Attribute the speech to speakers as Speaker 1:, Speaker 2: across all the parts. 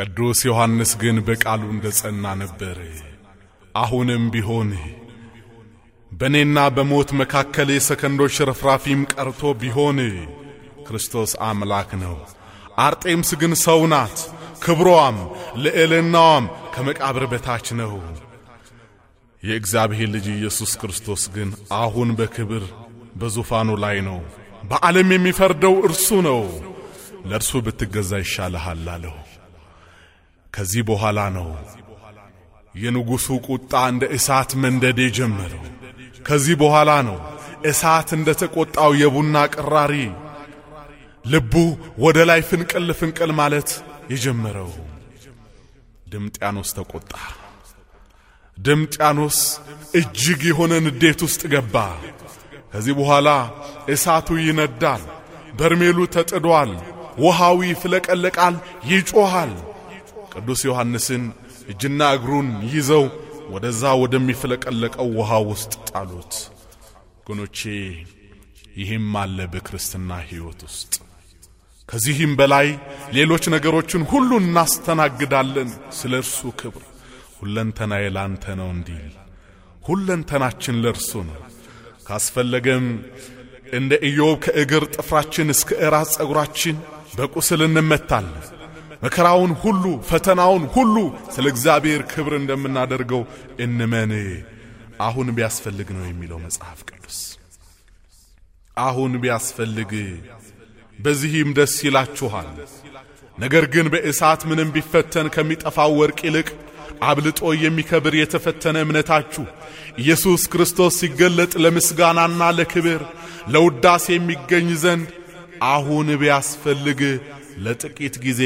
Speaker 1: ቅዱስ ዮሐንስ ግን በቃሉ እንደ ጸና ነበር። አሁንም ቢሆን በእኔና በሞት መካከል የሰከንዶች ሽርፍራፊም ቀርቶ ቢሆን ክርስቶስ አምላክ ነው። አርጤምስ ግን ሰው ናት። ክብሯም ልዕልናዋም ከመቃብር በታች ነው። የእግዚአብሔር ልጅ ኢየሱስ ክርስቶስ ግን አሁን በክብር በዙፋኑ ላይ ነው። በዓለም የሚፈርደው እርሱ ነው። ለእርሱ ብትገዛ ይሻልሃል አለው። ከዚህ በኋላ ነው የንጉሡ ቁጣ እንደ እሳት መንደድ የጀመረው። ከዚህ በኋላ ነው እሳት እንደ ተቈጣው የቡና ቅራሪ ልቡ ወደ ላይ ፍንቅል ፍንቅል ማለት የጀመረው። ድምጥያኖስ ተቆጣ። ድምጥያኖስ እጅግ የሆነ ንዴት ውስጥ ገባ። ከዚህ በኋላ እሳቱ ይነዳል፣ በርሜሉ ተጥዷል፣ ውሃው ይፍለቀለቃል፣ ይጮኻል። ቅዱስ ዮሐንስን እጅና እግሩን ይዘው ወደዛ ወደሚፍለቀለቀው ውሃ ውስጥ ጣሉት። ወገኖቼ ይህም አለ በክርስትና ሕይወት ውስጥ። ከዚህም በላይ ሌሎች ነገሮችን ሁሉ እናስተናግዳለን። ስለ እርሱ ክብር ሁለንተናዬ ላንተ ነው እንዲል ሁለንተናችን ለእርሱ ነው። ካስፈለገም እንደ ኢዮብ ከእግር ጥፍራችን እስከ እራስ ጸጉራችን በቁስል እንመታለን። መከራውን ሁሉ ፈተናውን ሁሉ ስለ እግዚአብሔር ክብር እንደምናደርገው እንመን። አሁን ቢያስፈልግ ነው የሚለው መጽሐፍ ቅዱስ። አሁን ቢያስፈልግ በዚህም ደስ ይላችኋል። ነገር ግን በእሳት ምንም ቢፈተን ከሚጠፋው ወርቅ ይልቅ አብልጦ የሚከብር የተፈተነ እምነታችሁ ኢየሱስ ክርስቶስ ሲገለጥ ለምስጋናና ለክብር ለውዳሴ የሚገኝ ዘንድ አሁን ቢያስፈልግ ለጥቂት ጊዜ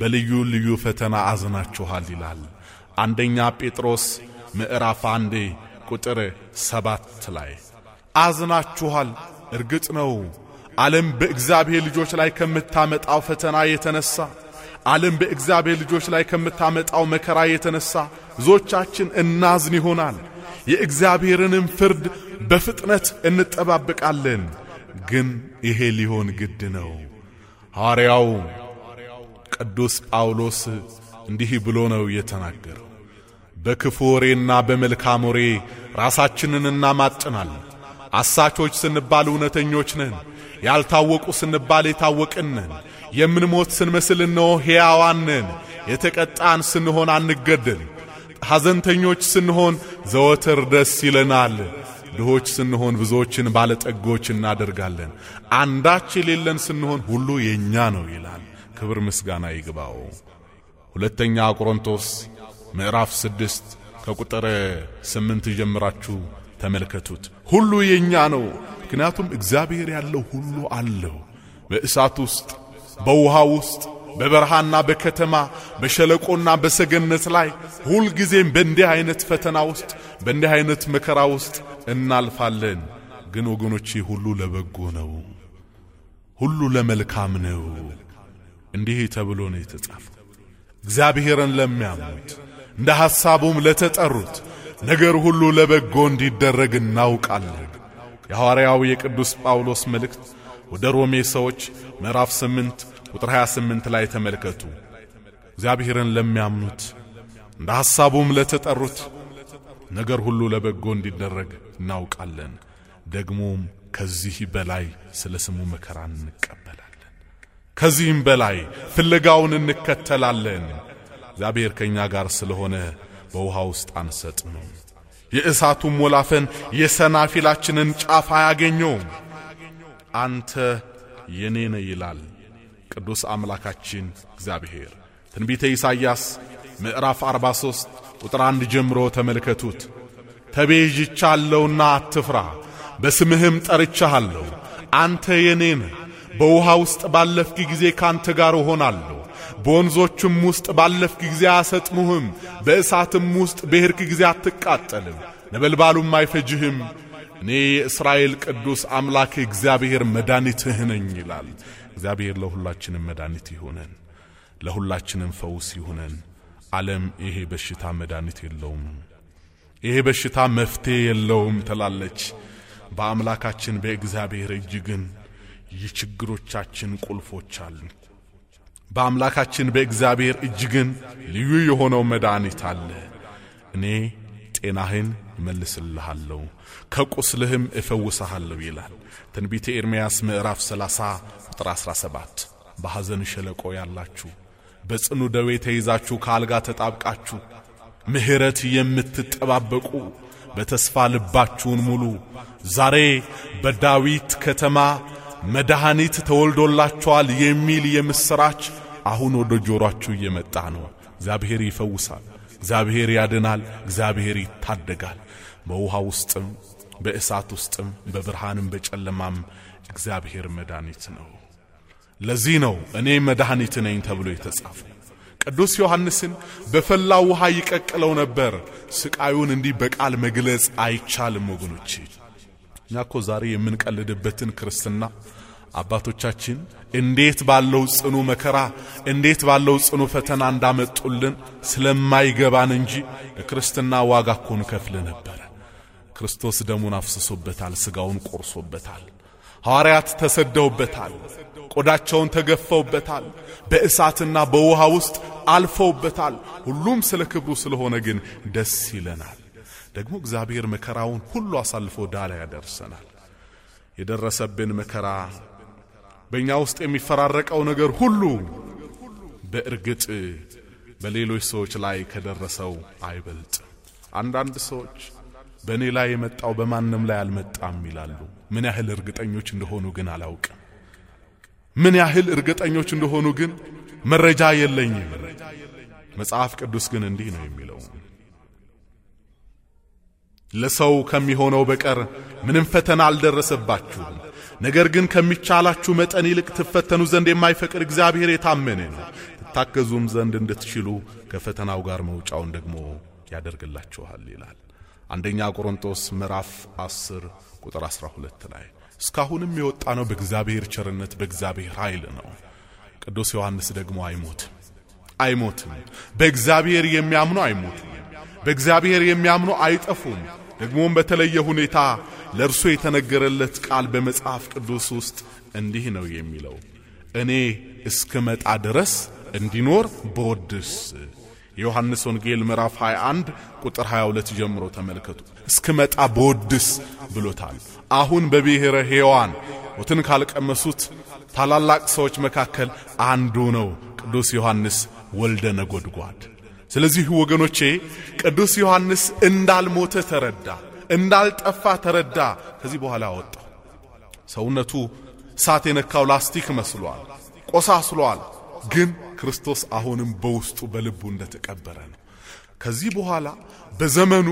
Speaker 1: በልዩ ልዩ ፈተና አዝናችኋል ይላል። አንደኛ ጴጥሮስ ምዕራፍ አንድ ቁጥር ሰባት ላይ አዝናችኋል። እርግጥ ነው ዓለም በእግዚአብሔር ልጆች ላይ ከምታመጣው ፈተና የተነሳ ዓለም በእግዚአብሔር ልጆች ላይ ከምታመጣው መከራ የተነሳ ብዙዎቻችን እናዝን ይሆናል። የእግዚአብሔርንም ፍርድ በፍጥነት እንጠባበቃለን። ግን ይሄ ሊሆን ግድ ነው። ሐዋርያው ቅዱስ ጳውሎስ እንዲህ ብሎ ነው የተናገረው። በክፉ ወሬና በመልካም ወሬ ራሳችንን እናማጥናለን። አሳቾች ስንባል እውነተኞች ነን። ያልታወቁ ስንባል የታወቅን ነን። የምንሞት ስንመስል እነሆ ሕያዋን ነን። የተቀጣን ስንሆን አንገደል። ሐዘንተኞች ስንሆን ዘወትር ደስ ይለናል። ድሆች ስንሆን ብዙዎችን ባለጠጎች እናደርጋለን። አንዳች የሌለን ስንሆን ሁሉ የእኛ ነው ይላል። ክብር ምስጋና ይግባው። ሁለተኛ ቆሮንቶስ ምዕራፍ ስድስት ከቁጥር ስምንት ጀምራችሁ ተመልከቱት። ሁሉ የእኛ ነው፣ ምክንያቱም እግዚአብሔር ያለው ሁሉ አለው። በእሳት ውስጥ በውሃ ውስጥ በበረሃና በከተማ በሸለቆና በሰገነት ላይ ሁልጊዜም በእንዲህ አይነት ፈተና ውስጥ በእንዲህ አይነት መከራ ውስጥ እናልፋለን። ግን ወገኖቼ ሁሉ ለበጎ ነው፣ ሁሉ ለመልካም ነው። እንዲህ ተብሎ ነው የተጻፈው። እግዚአብሔርን ለሚያምኑት እንደ ሐሳቡም ለተጠሩት ነገር ሁሉ ለበጎ እንዲደረግ እናውቃለን። የሐዋርያው የቅዱስ ጳውሎስ መልእክት ወደ ሮሜ ሰዎች ምዕራፍ ስምንት ቁጥር 28 ላይ ተመልከቱ። እግዚአብሔርን ለሚያምኑት እንደ ሐሳቡም ለተጠሩት ነገር ሁሉ ለበጎ እንዲደረግ እናውቃለን። ደግሞም ከዚህ በላይ ስለ ስሙ መከራን እንቀበላለን። ከዚህም በላይ ፍለጋውን እንከተላለን። እግዚአብሔር ከእኛ ጋር ስለሆነ በውሃ ውስጥ አንሰጥምም። የእሳቱም ወላፈን የሰናፊላችንን ጫፍ አያገኘውም። አንተ የኔ ነህ ይላል። ቅዱስ አምላካችን እግዚአብሔር። ትንቢተ ኢሳይያስ ምዕራፍ 43 ቁጥር 1 ጀምሮ ተመልከቱት። ተቤዥቻለሁና አትፍራ፣ በስምህም ጠርቻሃለሁ፣ አንተ የኔ ነህ። በውሃ ውስጥ ባለፍክ ጊዜ ካንተ ጋር እሆናለሁ፣ በወንዞችም ውስጥ ባለፍክ ጊዜ አያሰጥሙህም፣ በእሳትም ውስጥ በሄድክ ጊዜ አትቃጠልም፣ ነበልባሉም አይፈጅህም። እኔ የእስራኤል ቅዱስ አምላክ እግዚአብሔር መድኃኒትህ ነኝ ይላል። እግዚአብሔር ለሁላችንም መድኃኒት ይሁነን፣ ለሁላችንም ፈውስ ይሁነን። ዓለም ይሄ በሽታ መድኃኒት የለውም፣ ይሄ በሽታ መፍትሄ የለውም ትላለች። በአምላካችን በእግዚአብሔር እጅ ግን የችግሮቻችን ቁልፎች አሉ። በአምላካችን በእግዚአብሔር እጅ ግን ልዩ የሆነው መድኃኒት አለ። እኔ ጤናህን እመልስልሃለሁ ከቁስልህም እፈውሰሃለሁ ይላል ትንቢተ ኤርምያስ ምዕራፍ 30 ቁጥር 17 በሐዘን ሸለቆ ያላችሁ በጽኑ ደዌ ተይዛችሁ ከአልጋ ተጣብቃችሁ ምሕረት የምትጠባበቁ በተስፋ ልባችሁን ሙሉ ዛሬ በዳዊት ከተማ መድኃኒት ተወልዶላችኋል የሚል የምሥራች አሁን ወደ ጆሮአችሁ እየመጣ ነው። እግዚአብሔር ይፈውሳል። እግዚአብሔር ያድናል፣ እግዚአብሔር ይታደጋል። በውሃ ውስጥም በእሳት ውስጥም በብርሃንም በጨለማም እግዚአብሔር መድኃኒት ነው። ለዚህ ነው እኔ መድኃኒት ነኝ ተብሎ የተጻፈ። ቅዱስ ዮሐንስን በፈላ ውሃ ይቀቅለው ነበር። ስቃዩን እንዲህ በቃል መግለጽ አይቻልም ወገኖቼ። እኛ እኮ ዛሬ የምንቀልድበትን ክርስትና አባቶቻችን እንዴት ባለው ጽኑ መከራ እንዴት ባለው ጽኑ ፈተና እንዳመጡልን ስለማይገባን እንጂ ለክርስትና ዋጋ እኮ እንከፍል ነበረ። ክርስቶስ ደሙን አፍስሶበታል፣ ሥጋውን ቆርሶበታል። ሐዋርያት ተሰደውበታል፣ ቆዳቸውን ተገፈውበታል፣ በእሳትና በውሃ ውስጥ አልፈውበታል። ሁሉም ስለ ክብሩ ስለሆነ ግን ደስ ይለናል። ደግሞ እግዚአብሔር መከራውን ሁሉ አሳልፎ ዳላ ያደርሰናል። የደረሰብን መከራ በእኛ ውስጥ የሚፈራረቀው ነገር ሁሉ በእርግጥ በሌሎች ሰዎች ላይ ከደረሰው አይበልጥ። አንዳንድ ሰዎች በእኔ ላይ የመጣው በማንም ላይ አልመጣም ይላሉ። ምን ያህል እርግጠኞች እንደሆኑ ግን አላውቅም። ምን ያህል እርግጠኞች እንደሆኑ ግን መረጃ የለኝም። መጽሐፍ ቅዱስ ግን እንዲህ ነው የሚለው ለሰው ከሚሆነው በቀር ምንም ፈተና አልደረሰባችሁም ነገር ግን ከሚቻላችሁ መጠን ይልቅ ትፈተኑ ዘንድ የማይፈቅድ እግዚአብሔር የታመነ ነው። ትታገዙም ዘንድ እንድትችሉ ከፈተናው ጋር መውጫውን ደግሞ ያደርግላችኋል ይላል። አንደኛ ቆሮንቶስ ምዕራፍ 10 ቁጥር 12 ላይ እስካሁንም የወጣ ነው በእግዚአብሔር ቸርነት በእግዚአብሔር ኃይል ነው። ቅዱስ ዮሐንስ ደግሞ አይሞትም አይሞትም። በእግዚአብሔር የሚያምኑ አይሞትም። በእግዚአብሔር የሚያምኑ አይጠፉም። ደግሞም በተለየ ሁኔታ ለእርሱ የተነገረለት ቃል በመጽሐፍ ቅዱስ ውስጥ እንዲህ ነው የሚለው፣ እኔ እስክመጣ ድረስ እንዲኖር በወድስ የዮሐንስ ወንጌል ምዕራፍ 21 ቁጥር 22 ጀምሮ ተመልከቱ። እስክመጣ በወድስ ብሎታል። አሁን በብሔረ ሕያዋን ሞትን ካልቀመሱት ታላላቅ ሰዎች መካከል አንዱ ነው ቅዱስ ዮሐንስ ወልደ ነጎድጓድ። ስለዚህ ወገኖቼ ቅዱስ ዮሐንስ እንዳልሞተ ተረዳ። እንዳልጠፋ ተረዳ። ከዚህ በኋላ አወጣው። ሰውነቱ እሳት የነካው ላስቲክ መስሏል፣ ቆሳስሏል። ግን ክርስቶስ አሁንም በውስጡ በልቡ እንደተቀበረ ነው። ከዚህ በኋላ በዘመኑ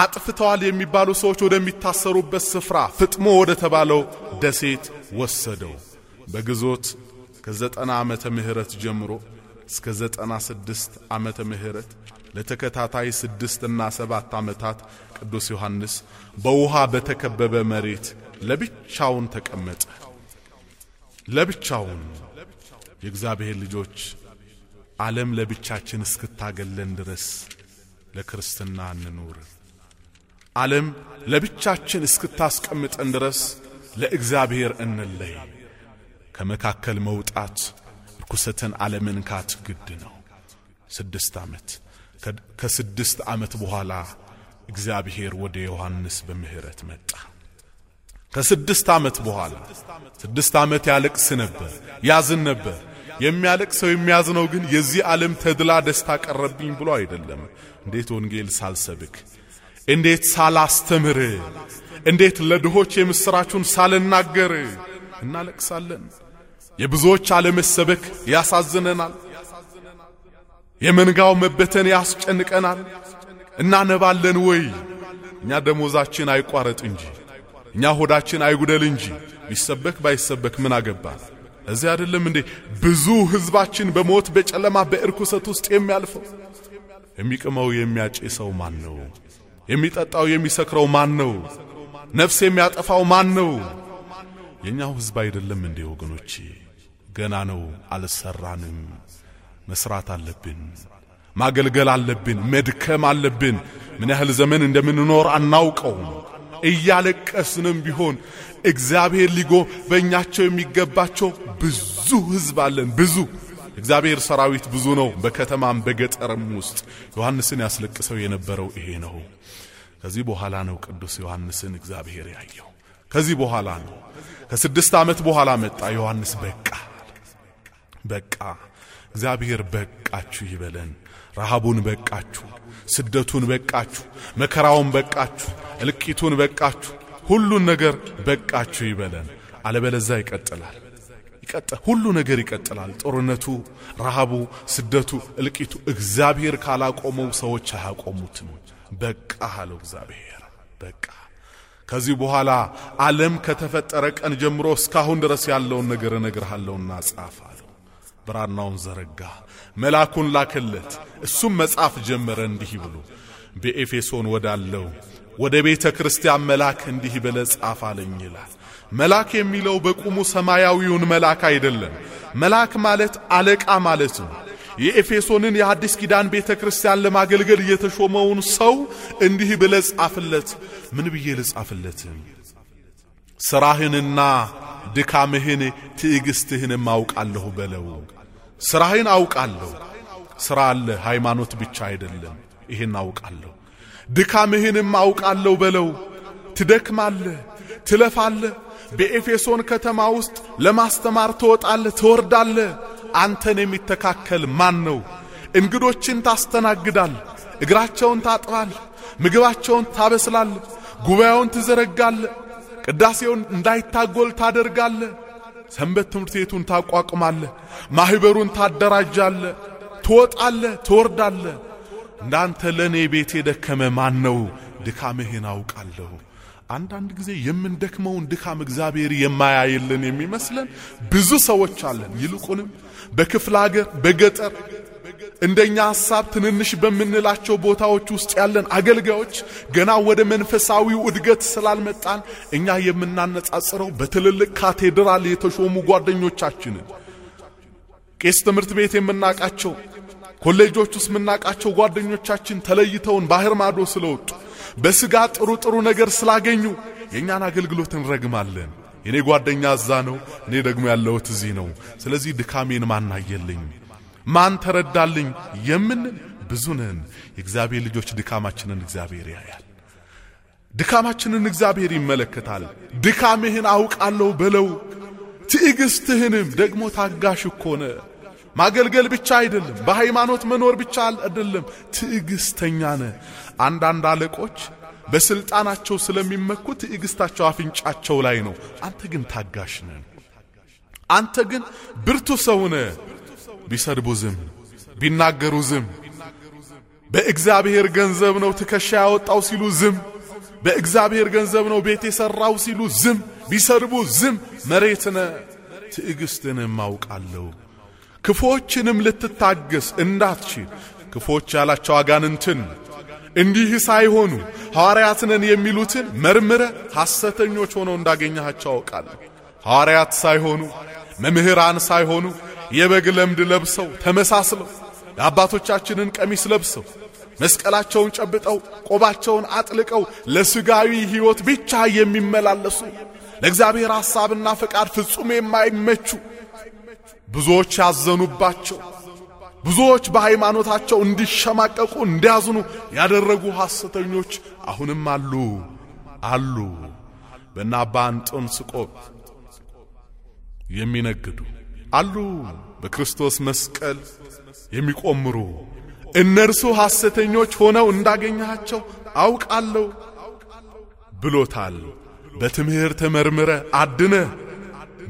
Speaker 1: አጥፍተዋል የሚባሉ ሰዎች ወደሚታሰሩበት ስፍራ ፍጥሞ ወደ ተባለው ደሴት ወሰደው። በግዞት ከዘጠና ዓመተ ምህረት ጀምሮ እስከ ዘጠና ስድስት ዓመተ ምህረት ለተከታታይ ስድስትና ሰባት ዓመታት ቅዱስ ዮሐንስ በውሃ በተከበበ መሬት ለብቻውን ተቀመጠ። ለብቻውን የእግዚአብሔር ልጆች ዓለም ለብቻችን እስክታገለን ድረስ ለክርስትና እንኑር። ዓለም ለብቻችን እስክታስቀምጠን ድረስ ለእግዚአብሔር እንለይ። ከመካከል መውጣት ርኩሰትን ዓለምን ካትግድ ግድ ነው። ስድስት ዓመት ከስድስት ዓመት በኋላ እግዚአብሔር ወደ ዮሐንስ በምህረት መጣ። ከስድስት ዓመት በኋላ ስድስት ዓመት ያለቅስ ነበር፣ ያዝን ነበር። የሚያለቅሰው የሚያዝነው ግን የዚህ ዓለም ተድላ ደስታ ቀረብኝ ብሎ አይደለም። እንዴት ወንጌል ሳልሰብክ፣ እንዴት ሳላስተምር፣ እንዴት ለድሆች የምሥራቹን ሳልናገር እናለቅሳለን። የብዙዎች አለመሰበክ ያሳዝነናል። የመንጋው መበተን ያስጨንቀናል። እናነባለን ወይ? እኛ ደሞዛችን አይቋረጥ እንጂ እኛ ሆዳችን አይጉደል እንጂ ቢሰበክ ባይሰበክ ምን አገባ እዚህ አይደለም እንዴ ብዙ ህዝባችን በሞት በጨለማ በእርኩሰት ውስጥ የሚያልፈው? የሚቅመው የሚያጭሰው ማን ነው? የሚጠጣው የሚሰክረው ማን ነው? ነፍስ የሚያጠፋው ማን ነው? የኛው ህዝብ አይደለም እንዴ ወገኖቼ? ገና ነው፣ አልሰራንም፣ መስራት አለብን። ማገልገል አለብን፣ መድከም አለብን። ምን ያህል ዘመን እንደምንኖር አናውቀውም። እያለቀስንም ቢሆን እግዚአብሔር ሊጎበኛቸው የሚገባቸው ብዙ ሕዝብ አለን። ብዙ እግዚአብሔር ሰራዊት ብዙ ነው፣ በከተማም በገጠርም ውስጥ። ዮሐንስን ያስለቅሰው የነበረው ይሄ ነው። ከዚህ በኋላ ነው ቅዱስ ዮሐንስን እግዚአብሔር ያየው። ከዚህ በኋላ ነው። ከስድስት ዓመት በኋላ መጣ ዮሐንስ። በቃ በቃ፣ እግዚአብሔር በቃችሁ ይበለን። ረሃቡን በቃችሁ፣ ስደቱን በቃችሁ፣ መከራውን በቃችሁ፣ እልቂቱን በቃችሁ፣ ሁሉን ነገር በቃችሁ ይበለን። አለበለዛ ይቀጥላል ሁሉ ነገር ይቀጥላል። ጦርነቱ፣ ረሃቡ፣ ስደቱ፣ እልቂቱ እግዚአብሔር ካላቆመው ሰዎች አያቆሙትም። በቃ አለው እግዚአብሔር በቃ። ከዚህ በኋላ ዓለም ከተፈጠረ ቀን ጀምሮ እስካሁን ድረስ ያለውን ነገር እነግርሃለሁና ጻፋል። ብራናውን ዘረጋ፣ መልአኩን ላከለት። እሱም መጻፍ ጀመረ እንዲህ ብሎ በኤፌሶን ወዳለው ወደ ቤተ ክርስቲያን መልአክ እንዲህ ብለ ጻፍ አለኝ ይላል። መልአክ የሚለው በቁሙ ሰማያዊውን መልአክ አይደለም። መልአክ ማለት አለቃ ማለት ነው። የኤፌሶንን የአዲስ ኪዳን ቤተ ክርስቲያን ለማገልገል የተሾመውን ሰው እንዲህ ብለ ጻፍለት። ምን ብዬ ልጻፍለት? ሥራህንና ድካምህን ትዕግሥትህን ማውቃለሁ በለው። ስራህን አውቃለሁ። ስራ አለ፣ ሃይማኖት ብቻ አይደለም። ይህን አውቃለሁ። ድካምህንም አውቃለሁ በለው። ትደክማለህ፣ ትለፋለህ። በኤፌሶን ከተማ ውስጥ ለማስተማር ትወጣለህ፣ ትወርዳለህ። አንተን የሚተካከል ማን ነው? እንግዶችን ታስተናግዳል፣ እግራቸውን ታጥባል፣ ምግባቸውን ታበስላል፣ ጉባኤውን ትዘረጋለ፣ ቅዳሴውን እንዳይታጎል ታደርጋለህ። ሰንበት ትምህርት ቤቱን ታቋቁማለ፣ ማህበሩን ታደራጃለ፣ ትወጣለ፣ ትወርዳለ። እንዳንተ ለእኔ ቤት የደከመ ማን ነው? ድካምህን አውቃለሁ። አንዳንድ ጊዜ የምንደክመውን ድካም እግዚአብሔር የማያይልን የሚመስለን ብዙ ሰዎች አለን። ይልቁንም በክፍለ አገር፣ በገጠር እንደኛ ሐሳብ ትንንሽ በምንላቸው ቦታዎች ውስጥ ያለን አገልጋዮች ገና ወደ መንፈሳዊው እድገት ስላልመጣን እኛ የምናነጻጽረው በትልልቅ ካቴድራል የተሾሙ ጓደኞቻችንን ቄስ ትምህርት ቤት የምናቃቸው ኮሌጆች ውስጥ የምናቃቸው ጓደኞቻችን ተለይተውን ባህር ማዶ ስለወጡ በስጋ ጥሩ ጥሩ ነገር ስላገኙ የእኛን አገልግሎት እንረግማለን። የኔ ጓደኛ እዛ ነው፣ እኔ ደግሞ ያለሁት እዚህ ነው። ስለዚህ ድካሜን ማናየልኝ ማን ተረዳልኝ የምንል ብዙ ነን። የእግዚአብሔር ልጆች ድካማችንን እግዚአብሔር ያያል። ድካማችንን እግዚአብሔር ይመለከታል። ድካምህን አውቃለሁ በለው። ትዕግስትህንም ደግሞ ታጋሽ ኮነ ማገልገል ብቻ አይደለም፣ በሃይማኖት መኖር ብቻ አይደለም፣ ትዕግስተኛ ነ አንዳንድ አለቆች በስልጣናቸው ስለሚመኩ ትዕግስታቸው አፍንጫቸው ላይ ነው። አንተ ግን ታጋሽ ነ አንተ ግን ብርቱ ሰው ቢሰድቡ ዝም፣ ቢናገሩ ዝም፣ በእግዚአብሔር ገንዘብ ነው ትከሻ ያወጣው ሲሉ ዝም፣ በእግዚአብሔር ገንዘብ ነው ቤት የሠራው ሲሉ ዝም፣ ቢሰድቡ ዝም። መሬትነ ትዕግስትን ማውቃለሁ። ክፎችንም ልትታገስ እንዳትችል ክፎች ያላቸው አጋንንትን እንዲህ ሳይሆኑ ሐዋርያትነን የሚሉትን መርምረ ሐሰተኞች ሆነው እንዳገኘሃቸው አውቃለሁ። ሐዋርያት ሳይሆኑ መምህራን ሳይሆኑ የበግ ለምድ ለብሰው ተመሳስለው የአባቶቻችንን ቀሚስ ለብሰው መስቀላቸውን ጨብጠው ቆባቸውን አጥልቀው ለስጋዊ ሕይወት ብቻ የሚመላለሱ ለእግዚአብሔር ሐሳብና ፈቃድ ፍጹም የማይመቹ ብዙዎች ያዘኑባቸው ብዙዎች በሃይማኖታቸው እንዲሸማቀቁ እንዲያዝኑ ያደረጉ ሐሰተኞች አሁንም አሉ አሉ። በእነ አባ እንጦንስ ቆብ የሚነግዱ አሉ በክርስቶስ መስቀል የሚቆምሩ እነርሱ ሐሰተኞች ሆነው እንዳገኘሃቸው አውቃለሁ ብሎታል። በትምህርት ተመርምረ አድነ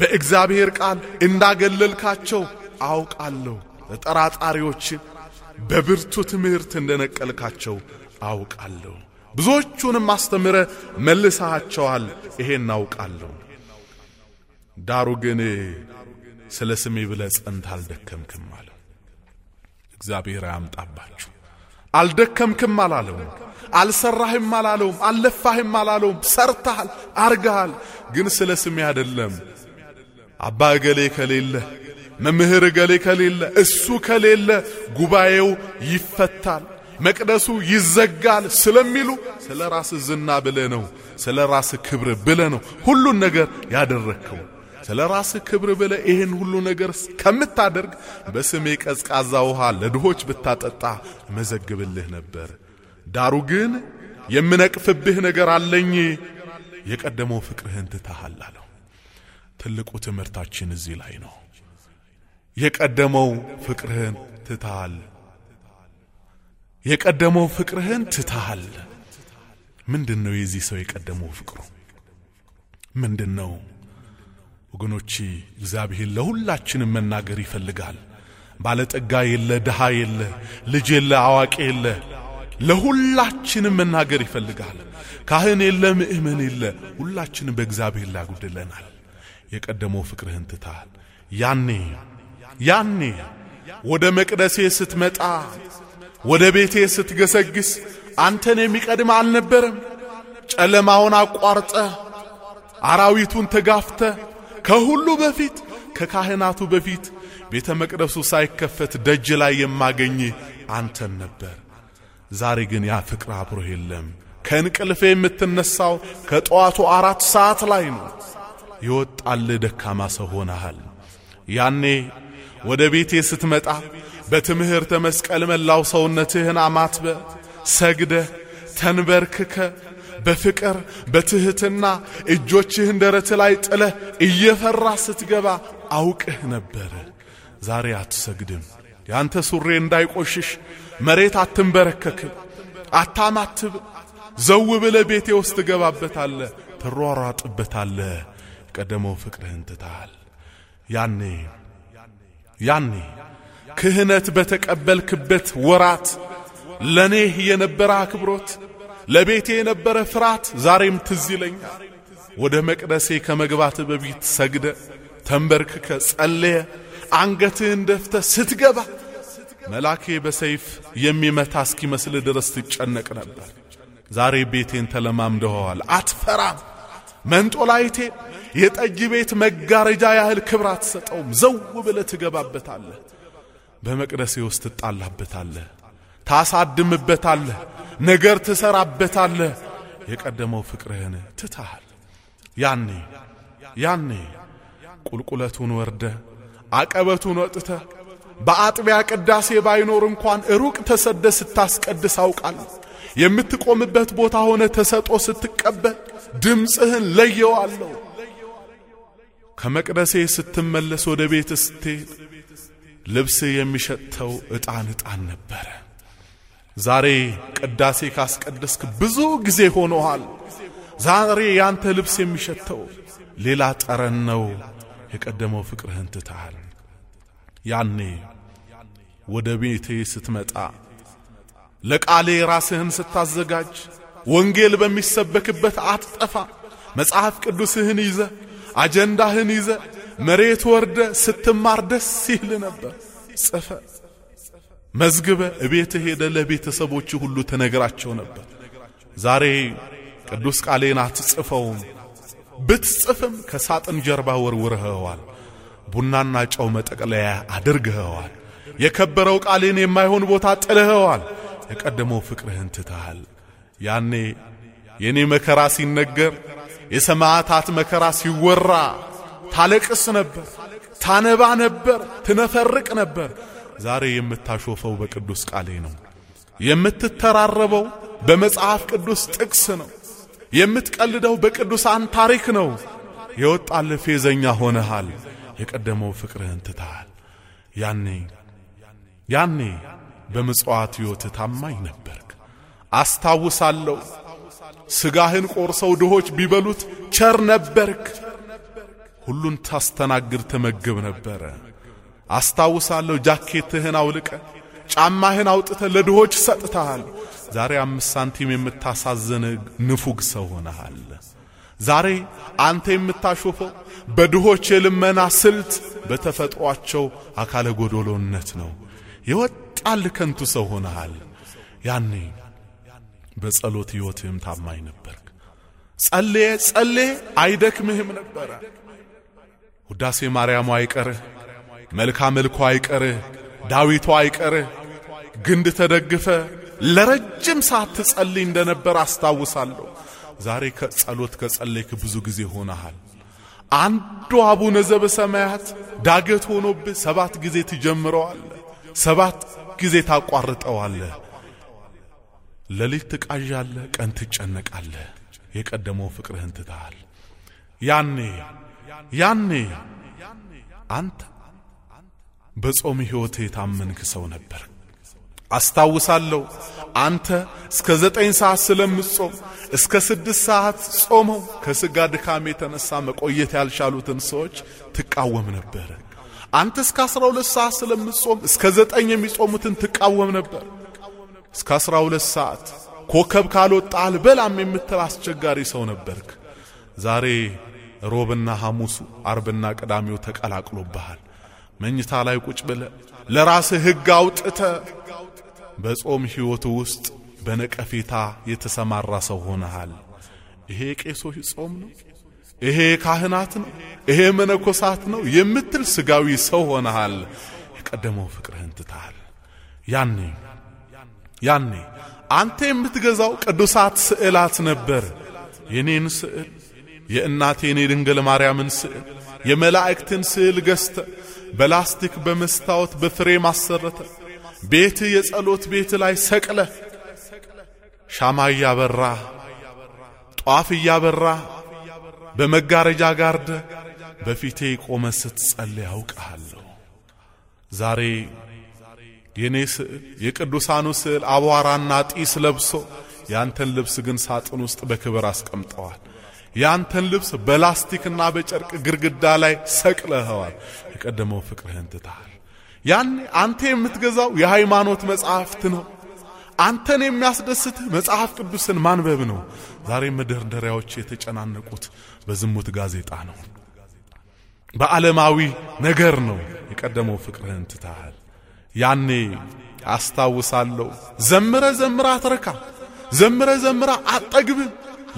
Speaker 1: በእግዚአብሔር ቃል እንዳገለልካቸው አውቃለሁ። ተጠራጣሪዎችን በብርቱ ትምህርት እንደነቀልካቸው አውቃለሁ። ብዙዎቹንም አስተምረ መልሰሃቸዋል። ይሄን አውቃለሁ። ዳሩ ግን ስለ ስሜ ብለ ጸንተህ አልደከምክም አለው። እግዚአብሔር አያምጣባችሁ። አልደከምክም አላለውም። አልሰራህም አላለውም። አልለፋህም አላለውም። ሰርተሃል፣ አርገሃል። ግን ስለ ስሜ አይደለም። አባ እገሌ ከሌለ መምህር እገሌ ከሌለ እሱ ከሌለ ጉባኤው ይፈታል፣ መቅደሱ ይዘጋል ስለሚሉ ስለ ራስ ዝና ብለ ነው፣ ስለ ራስ ክብር ብለ ነው ሁሉን ነገር ያደረግከው። ስለ ራስ ክብር ብለ ይህን ሁሉ ነገር ከምታደርግ በስሜ ቀዝቃዛ ውሃ ለድሆች ብታጠጣ መዘግብልህ ነበር። ዳሩ ግን የምነቅፍብህ ነገር አለኝ፣ የቀደመው ፍቅርህን ትተሃል አለው። ትልቁ ትምህርታችን እዚህ ላይ ነው። የቀደመው ፍቅርህን ትተሃል። የቀደመው ፍቅርህን ትተሃል። ምንድን ነው የዚህ ሰው የቀደመው ፍቅሩ ምንድን ነው? ወገኖቼ እግዚአብሔር ለሁላችንም መናገር ይፈልጋል። ባለጠጋ የለ፣ ድሃ የለ፣ ልጅ የለ፣ አዋቂ የለ፣ ለሁላችንም መናገር ይፈልጋል። ካህን የለ፣ ምእመን የለ፣ ሁላችንም በእግዚአብሔር ላይ ጉድለናል። የቀደመው ፍቅርህን ትታል። ያኔ ያኔ ወደ መቅደሴ ስትመጣ ወደ ቤቴ ስትገሰግስ አንተን የሚቀድም አልነበረም። ጨለማውን አቋርጠ አራዊቱን ተጋፍተ ከሁሉ በፊት ከካህናቱ በፊት ቤተ መቅደሱ ሳይከፈት ደጅ ላይ የማገኝ አንተን ነበር። ዛሬ ግን ያ ፍቅር አብሮ የለም። ከእንቅልፌ የምትነሳው ከጠዋቱ አራት ሰዓት ላይ ነው። ይወጣል ደካማ ሰው ሆነሃል። ያኔ ወደ ቤቴ ስትመጣ በትምህርተ መስቀል መላው ሰውነትህን አማትበ ሰግደህ ተንበርክከ በፍቅር በትህትና እጆችህን ደረት ላይ ጥለህ እየፈራ ስትገባ አውቅህ ነበረ። ዛሬ አትሰግድም። ያንተ ሱሬ እንዳይቆሽሽ መሬት አትንበረከክም፣ አታማትብ። ዘው ብለ ቤቴ ውስጥ ትገባበታለ፣ ትሯሯጥበታለ። ቀደመው ፍቅርህን ትታል። ያኔ ያኔ ክህነት በተቀበልክበት ወራት ለእኔህ የነበረ አክብሮት ለቤቴ የነበረ ፍርሃት ዛሬም ትዝ ይለኛል። ወደ መቅደሴ ከመግባት በፊት ሰግደ ተንበርክከ ጸለየ አንገትህን ደፍተ ስትገባ መላኬ በሰይፍ የሚመታ እስኪመስል ድረስ ትጨነቅ ነበር። ዛሬ ቤቴን ተለማምደኸዋል፣ አትፈራም። መንጦላይቴ የጠጅ ቤት መጋረጃ ያህል ክብር አትሰጠውም። ዘው ብለ ትገባበታለህ፣ በመቅደሴ ውስጥ ትጣላበታለህ። ታሳድምበታለህ፣ ነገር ትሰራበታለህ። የቀደመው ፍቅርህን ትታሃል። ያኔ ያኔ ቁልቁለቱን ወርደ አቀበቱን ወጥተ በአጥቢያ ቅዳሴ ባይኖር እንኳን ሩቅ ተሰደ ስታስቀድስ አውቃል። የምትቆምበት ቦታ ሆነ ተሰጦ ስትቀበል ድምፅህን ለየዋለሁ። ከመቅደሴ ስትመለስ ወደ ቤት ስትሄድ ልብስ የሚሸተው ዕጣን ዕጣን ነበረ። ዛሬ ቅዳሴ ካስቀደስክ ብዙ ጊዜ ሆኖሃል። ዛሬ ያንተ ልብስ የሚሸተው ሌላ ጠረን ነው። የቀደመው ፍቅርህን ትተሃል። ያኔ ወደ ቤቴ ስትመጣ ለቃሌ ራስህን ስታዘጋጅ ወንጌል በሚሰበክበት አትጠፋ። መጽሐፍ ቅዱስህን ይዘ አጀንዳህን ይዘ መሬት ወርደ ስትማር ደስ ይል ነበር ጽፈ መዝግበ እቤት ሄደ ለቤተሰቦች ሁሉ ተነግራቸው ነበር። ዛሬ ቅዱስ ቃሌን አትጽፈውም፣ ብትጽፍም ከሳጥን ጀርባ ወርውርኸዋል፣ ቡናና ጨው መጠቅለያ አድርግኸዋል፣ የከበረው ቃሌን የማይሆን ቦታ ጥልህዋል። የቀደመው ፍቅርህን ትተሃል። ያኔ የእኔ መከራ ሲነገር፣ የሰማዕታት መከራ ሲወራ ታለቅስ ነበር፣ ታነባ ነበር፣ ትነፈርቅ ነበር። ዛሬ የምታሾፈው በቅዱስ ቃሌ ነው። የምትተራረበው በመጽሐፍ ቅዱስ ጥቅስ ነው። የምትቀልደው በቅዱሳን ታሪክ ነው። የወጣል ፌዘኛ ሆነሃል። የቀደመው ፍቅርህን ትተሃል። ያኔ ያኔ በምጽዋት ሕይወት ታማኝ ነበርክ። አስታውሳለሁ። ሥጋህን ቆርሰው ድሆች ቢበሉት ቸር ነበርክ። ሁሉን ታስተናግድ ተመግብ ነበረ። አስታውሳለሁ። ጃኬትህን አውልቀ ጫማህን አውጥተ ለድሆች ሰጥተሃል። ዛሬ አምስት ሳንቲም የምታሳዝን ንፉግ ሰው ሆነሃል። ዛሬ አንተ የምታሾፈው በድሆች የልመና ስልት በተፈጥሯቸው አካለ ጎዶሎነት ነው። የወጣል ከንቱ ሰው ሆነሃል። ያኔ በጸሎት ሕይወትህም ታማኝ ነበርክ። ጸልየ ጸልየ አይደክምህም ነበረ። ውዳሴ ማርያሙ አይቀርህ መልካ መልኩ አይቀርህ፣ ዳዊቱ አይቀርህ፣ ግንድ ተደግፈ ለረጅም ሰዓት ትጸልይ እንደነበር አስታውሳለሁ። ዛሬ ከጸሎት ከጸለይክ ብዙ ጊዜ ሆነሃል። አንዱ አቡነ ዘበሰማያት ዳገት ሆኖብህ ሰባት ጊዜ ትጀምረዋለህ፣ ሰባት ጊዜ ታቋርጠዋለህ። ለሊት ትቃዣለህ፣ ቀን ትጨነቃለህ። የቀደመው ፍቅርህን ትተሃል። ያኔ ያኔ አንተ በጾም ህይወት የታመንክ ሰው ነበር። አስታውሳለሁ አንተ እስከ ዘጠኝ ሰዓት ስለምጾም እስከ ስድስት ሰዓት ጾመው ከሥጋ ድካም የተነሳ መቆየት ያልቻሉትን ሰዎች ትቃወም ነበር። አንተ እስከ አስራ ሁለት ሰዓት ስለምጾም እስከ ዘጠኝ የሚጾሙትን ትቃወም ነበር። እስከ አስራ ሁለት ሰዓት ኮከብ ካልወጣ አልበላም የምትል አስቸጋሪ ሰው ነበርክ። ዛሬ ሮብና ሐሙሱ አርብና ቅዳሜው ተቀላቅሎብሃል። መኝታ ላይ ቁጭ ብለ ለራስህ ሕግ አውጥተ በጾም ሕይወቱ ውስጥ በነቀፌታ የተሰማራ ሰው ሆነሃል። ይሄ ቄሶች ጾም ነው፣ ይሄ ካህናት ነው፣ ይሄ መነኮሳት ነው የምትል ስጋዊ ሰው ሆነሃል። የቀደመው ፍቅርህን ትተሃል። ያኔ ያኔ አንተ የምትገዛው ቅዱሳት ስዕላት ነበር። የኔን ስዕል የእናቴን የድንግል ማርያምን ስዕል የመላእክትን ስዕል ገዝተ በላስቲክ በመስታወት በፍሬም አሰረተ። ቤት የጸሎት ቤት ላይ ሰቅለ ሻማ እያበራ ጧፍ እያበራ በመጋረጃ ጋርደ በፊቴ ቆመ ስትጸልይ ያውቃለሁ። ዛሬ የኔ ስዕል የቅዱሳኑ ስዕል አቧራና ጢስ ለብሶ ያንተን ልብስ ግን ሳጥን ውስጥ በክብር አስቀምጠዋል። ያንተን ልብስ በላስቲክና በጨርቅ ግርግዳ ላይ ሰቅለኸዋል። የቀደመው ፍቅርህን ትተሃል። ያን አንተ የምትገዛው የሃይማኖት መጽሐፍት ነው። አንተን የሚያስደስት መጽሐፍ ቅዱስን ማንበብ ነው። ዛሬ መደርደሪያዎች የተጨናነቁት በዝሙት ጋዜጣ ነው፣ በዓለማዊ ነገር ነው። የቀደመው ፍቅርህን ትተሃል። ያኔ አስታውሳለሁ ዘምረ ዘምረ አትረካ፣ ዘምረ ዘምረ አጠግብ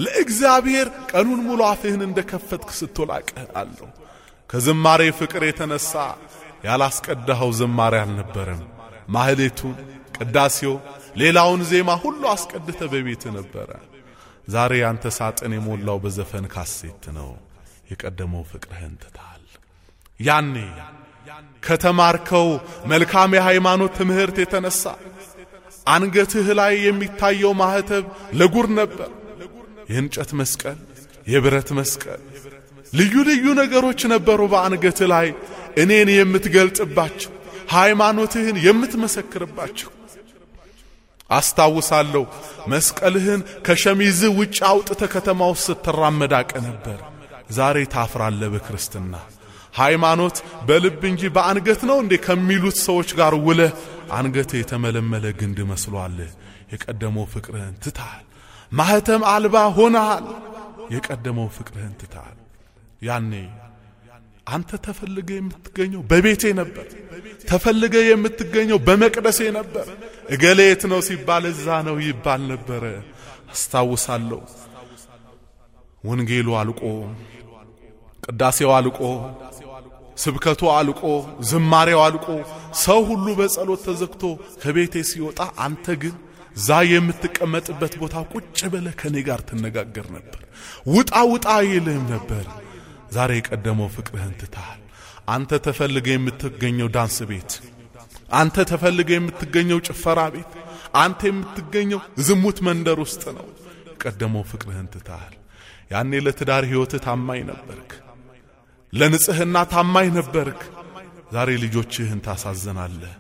Speaker 1: ለእግዚአብሔር ቀኑን ሙሉ አፍህን እንደ ከፈትክ ስትላቅህ አለው። ከዝማሬ ፍቅር የተነሳ ያላስቀዳኸው ዝማሬ አልነበረም። ማህሌቱም፣ ቅዳሴው፣ ሌላውን ዜማ ሁሉ አስቀድተ በቤት ነበረ። ዛሬ ያንተ ሳጥን የሞላው በዘፈን ካሴት ነው። የቀደመው ፍቅርህን ትታል። ያኔ ከተማርከው መልካም የሃይማኖት ትምህርት የተነሳ አንገትህ ላይ የሚታየው ማህተብ ለጉር ነበር። የእንጨት መስቀል፣ የብረት መስቀል፣ ልዩ ልዩ ነገሮች ነበሩ በአንገት ላይ እኔን የምትገልጥባቸው ሃይማኖትህን የምትመሰክርባቸው። አስታውሳለሁ መስቀልህን ከሸሚዝህ ውጭ አውጥተ ከተማ ውስጥ ስትራመድ አቀ ነበር። ዛሬ ታፍራለ በክርስትና ሃይማኖት በልብ እንጂ በአንገት ነው እንዴ ከሚሉት ሰዎች ጋር ውለህ አንገት የተመለመለ ግንድ መስሏል። የቀደመው ፍቅርህን ትታል። ማህተም አልባ ሆነሃል። የቀደመው ፍቅርህን ትተሃል። ያኔ አንተ ተፈልገ የምትገኘው በቤቴ ነበር። ተፈልገ የምትገኘው በመቅደሴ ነበር። እገሌ የት ነው ሲባል እዛ ነው ይባል ነበረ። አስታውሳለሁ። ወንጌሉ አልቆ፣ ቅዳሴው አልቆ፣ ስብከቱ አልቆ፣ ዝማሬው አልቆ፣ ሰው ሁሉ በጸሎት ተዘግቶ ከቤቴ ሲወጣ አንተ ግን ዛ የምትቀመጥበት ቦታ ቁጭ ብለ ከኔ ጋር ትነጋገር ነበር። ውጣ ውጣ አይልህም ነበር። ዛሬ የቀደመው ፍቅርህን ትተሃል። አንተ ተፈልገ የምትገኘው ዳንስ ቤት፣ አንተ ተፈልገ የምትገኘው ጭፈራ ቤት፣ አንተ የምትገኘው ዝሙት መንደር ውስጥ ነው። ቀደመው ፍቅርህን ትተሃል። ያኔ ለትዳር ሕይወትህ ታማኝ ነበርክ፣ ለንጽህና ታማኝ ነበርክ። ዛሬ ልጆችህን ታሳዝናለህ፣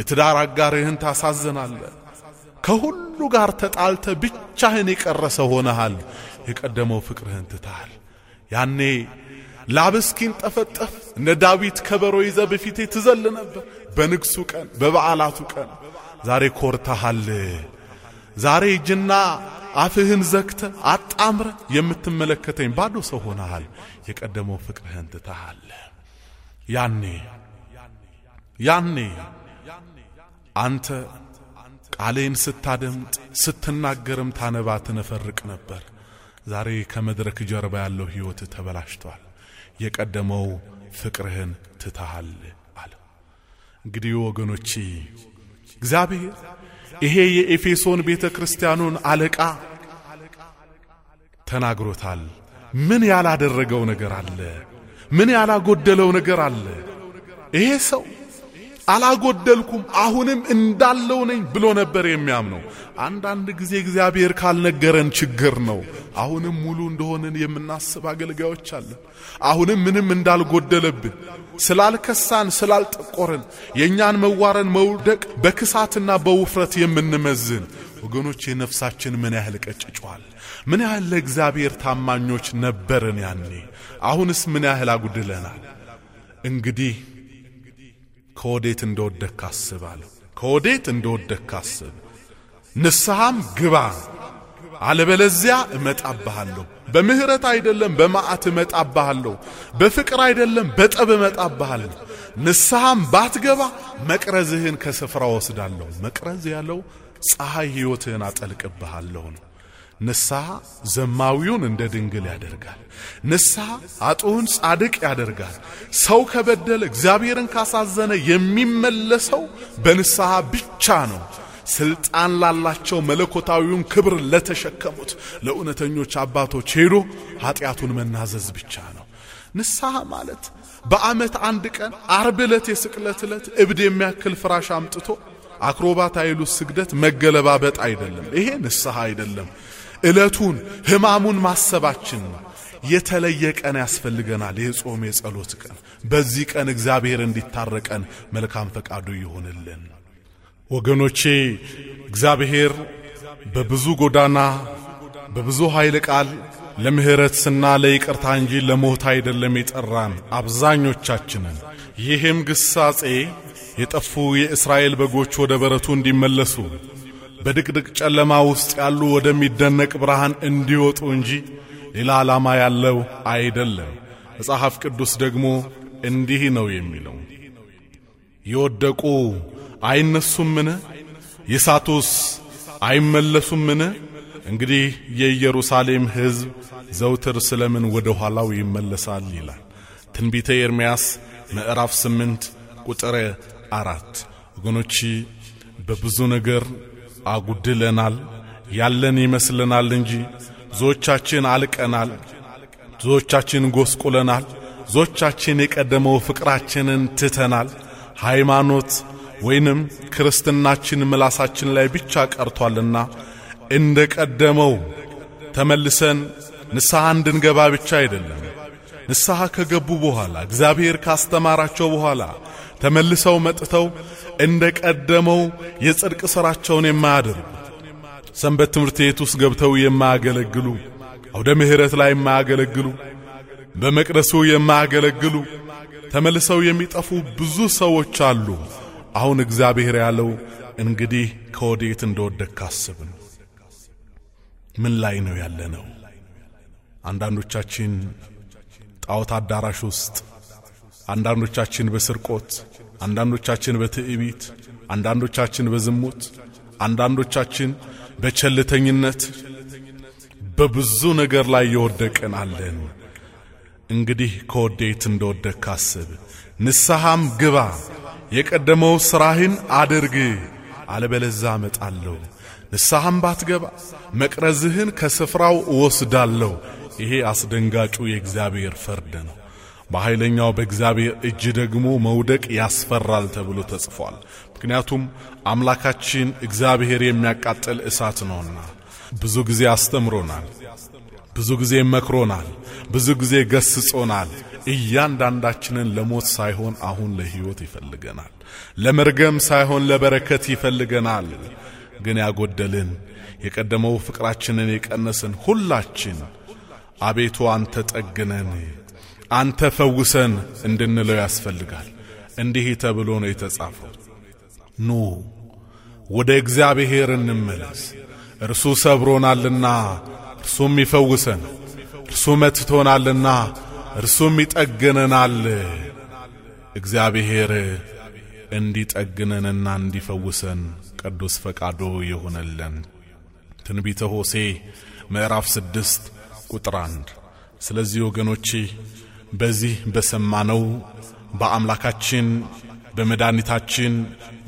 Speaker 1: የትዳር አጋርህን ታሳዝናለህ። ከሁሉ ጋር ተጣልተ ብቻህን የቀረሰ ሆነሃል። የቀደመው ፍቅርህን ትታል። ያኔ ላብስኪን ጠፈጠፍ እንደ ዳዊት ከበሮ ይዘ በፊቴ ትዘል ነበር፣ በንግሱ ቀን፣ በበዓላቱ ቀን። ዛሬ ኮርተሃል። ዛሬ እጅና አፍህን ዘግተ አጣምረ የምትመለከተኝ ባዶ ሰው ሆነሃል። የቀደመው ፍቅርህን ትታሃል። ያኔ ያኔ አንተ ቃሌን ስታደምጥ ስትናገርም ታነባ ትነፈርቅ ነበር። ዛሬ ከመድረክ ጀርባ ያለው ሕይወት ተበላሽቷል። የቀደመው ፍቅርህን ትተሃል አለ። እንግዲህ ወገኖቼ እግዚአብሔር ይሄ የኤፌሶን ቤተ ክርስቲያኑን አለቃ ተናግሮታል። ምን ያላደረገው ነገር አለ? ምን ያላጎደለው ነገር አለ? ይሄ ሰው አላጎደልኩም አሁንም እንዳለው ነኝ ብሎ ነበር የሚያምነው። አንዳንድ ጊዜ እግዚአብሔር ካልነገረን ችግር ነው። አሁንም ሙሉ እንደሆነን የምናስብ አገልጋዮች አለን። አሁንም ምንም እንዳልጎደለብን ስላልከሳን፣ ስላልጠቆረን የእኛን መዋረን መውደቅ በክሳትና በውፍረት የምንመዝን ወገኖች የነፍሳችን ምን ያህል ቀጭጯል? ምን ያህል ለእግዚአብሔር ታማኞች ነበርን ያኔ? አሁንስ ምን ያህል አጉድለናል? እንግዲህ ከወዴት እንደወደክ አስብ አስባለሁ። ከወዴት እንደወደክ አስብ። ንስሐም ግባ፣ አለበለዚያ እመጣብሃለሁ። በምህረት አይደለም በመዓት እመጣብሃለሁ። በፍቅር አይደለም በጠብ እመጣብሃለሁ። ንስሐም ባትገባ መቅረዝህን ከስፍራ ወስዳለሁ። መቅረዝ ያለው ፀሐይ ሕይወትህን አጠልቅብሃለሁ ነው። ንስሐ ዘማዊውን እንደ ድንግል ያደርጋል። ንስሐ አጡውን ጻድቅ ያደርጋል። ሰው ከበደለ እግዚአብሔርን ካሳዘነ የሚመለሰው በንስሐ ብቻ ነው። ስልጣን ላላቸው መለኮታዊውን ክብር ለተሸከሙት ለእውነተኞች አባቶች ሄዶ ኃጢአቱን መናዘዝ ብቻ ነው። ንስሐ ማለት በዓመት አንድ ቀን አርብ ዕለት የስቅለት ዕለት እብድ የሚያክል ፍራሽ አምጥቶ አክሮባት አይሉት ስግደት መገለባበጥ አይደለም። ይሄ ንስሐ አይደለም። ዕለቱን ሕማሙን ማሰባችን ነው። የተለየ ቀን ያስፈልገናል። የጾም የጸሎት ቀን። በዚህ ቀን እግዚአብሔር እንዲታረቀን መልካም ፈቃዱ ይሆንልን። ወገኖቼ እግዚአብሔር በብዙ ጎዳና በብዙ ኃይል ቃል ለምሕረትና ለይቅርታ እንጂ ለሞት አይደለም የጠራን አብዛኞቻችንን። ይህም ግሳጼ የጠፉ የእስራኤል በጎች ወደ በረቱ እንዲመለሱ በድቅድቅ ጨለማ ውስጥ ያሉ ወደሚደነቅ ብርሃን እንዲወጡ እንጂ ሌላ ዓላማ ያለው አይደለም። መጽሐፍ ቅዱስ ደግሞ እንዲህ ነው የሚለው፣ የወደቁ አይነሱምን? የሳቱስ አይመለሱምን? እንግዲህ የኢየሩሳሌም ሕዝብ ዘውትር ስለምን ወደ ኋላው ይመለሳል? ይላል ትንቢተ ኤርምያስ ምዕራፍ ስምንት ቁጥር አራት ወገኖች በብዙ ነገር አጉድለናል ያለን ይመስልናል እንጂ ዞቻችን አልቀናል፣ ዞቻችን ጎስቁለናል፣ ዞቻችን የቀደመው ፍቅራችንን ትተናል። ሃይማኖት ወይንም ክርስትናችን ምላሳችን ላይ ብቻ ቀርቷልና እንደ ቀደመው ተመልሰን ንስሐ እንድንገባ ብቻ አይደለም። ንስሐ ከገቡ በኋላ እግዚአብሔር ካስተማራቸው በኋላ ተመልሰው መጥተው እንደ ቀደመው የጽድቅ ሥራቸውን የማያደርጉ ሰንበት ትምህርት ቤት ውስጥ ገብተው የማያገለግሉ፣ አውደ ምሕረት ላይ የማያገለግሉ፣ በመቅደሱ የማያገለግሉ ተመልሰው የሚጠፉ ብዙ ሰዎች አሉ። አሁን እግዚአብሔር ያለው እንግዲህ ከወዴት እንደወደክ ነው። ምን ላይ ነው ያለ ነው? አንዳንዶቻችን ጣዖት አዳራሽ ውስጥ፣ አንዳንዶቻችን በስርቆት አንዳንዶቻችን በትዕቢት፣ አንዳንዶቻችን በዝሙት፣ አንዳንዶቻችን በቸልተኝነት በብዙ ነገር ላይ የወደቅን አለን። እንግዲህ ከወዴት እንደወደቅክ አስብ፣ ንስሐም ግባ፣ የቀደመው ሥራህን አድርግ፣ አለበለዛ እመጣለሁ። ንስሐም ባትገባ መቅረዝህን ከስፍራው እወስዳለሁ። ይሄ አስደንጋጩ የእግዚአብሔር ፍርድ ነው። በኃይለኛው በእግዚአብሔር እጅ ደግሞ መውደቅ ያስፈራል ተብሎ ተጽፏል። ምክንያቱም አምላካችን እግዚአብሔር የሚያቃጥል እሳት ነውና። ብዙ ጊዜ አስተምሮናል፣ ብዙ ጊዜ መክሮናል፣ ብዙ ጊዜ ገስጾናል። እያንዳንዳችንን ለሞት ሳይሆን አሁን ለሕይወት ይፈልገናል። ለመርገም ሳይሆን ለበረከት ይፈልገናል። ግን ያጎደልን የቀደመው ፍቅራችንን የቀነስን ሁላችን አቤቱ አንተ ጠግነን አንተ ፈውሰን እንድንለው ያስፈልጋል። እንዲህ ተብሎ ነው የተጻፈው። ኑ ወደ እግዚአብሔር እንመለስ፣ እርሱ ሰብሮናልና እርሱም ይፈውሰን፣ እርሱ መትቶናልና እርሱም ይጠግነናል። እግዚአብሔር እንዲጠግነንና እንዲፈውሰን ቅዱስ ፈቃዶ የሆነለን። ትንቢተ ሆሴ ምዕራፍ ስድስት ቁጥር አንድ ስለዚህ ወገኖቼ በዚህ በሰማነው በአምላካችን በመድኃኒታችን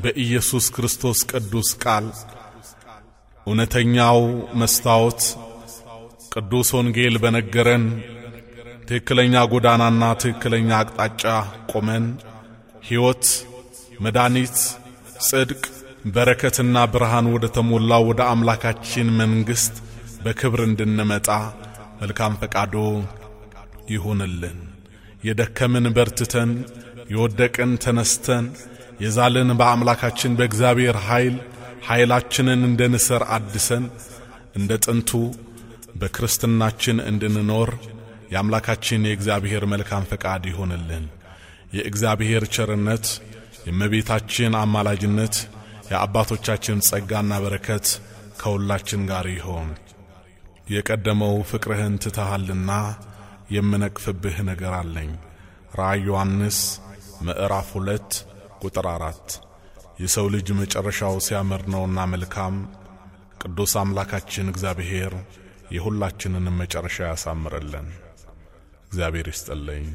Speaker 1: በኢየሱስ ክርስቶስ ቅዱስ ቃል እውነተኛው መስታወት ቅዱስ ወንጌል በነገረን ትክክለኛ ጎዳናና ትክክለኛ አቅጣጫ ቆመን ሕይወት፣ መድኃኒት፣ ጽድቅ፣ በረከትና ብርሃን ወደ ተሞላው ወደ አምላካችን መንግሥት በክብር እንድንመጣ መልካም ፈቃዶ ይሁንልን። የደከምን በርትተን የወደቅን ተነስተን የዛልን በአምላካችን በእግዚአብሔር ኃይል ኃይላችንን እንደ ንስር አድሰን እንደ ጥንቱ በክርስትናችን እንድንኖር የአምላካችን የእግዚአብሔር መልካም ፈቃድ ይሆንልን። የእግዚአብሔር ቸርነት፣ የእመቤታችን አማላጅነት፣ የአባቶቻችን ጸጋና በረከት ከሁላችን ጋር ይሆን። የቀደመው ፍቅርህን ትተሃልና የምነቅፍብህ ነገር አለኝ። ራእይ ዮሐንስ ምዕራፍ ሁለት ቁጥር አራት የሰው ልጅ መጨረሻው ሲያምር ነውና መልካም። ቅዱስ አምላካችን እግዚአብሔር የሁላችንንም መጨረሻ ያሳምረልን። እግዚአብሔር ይስጠለኝ።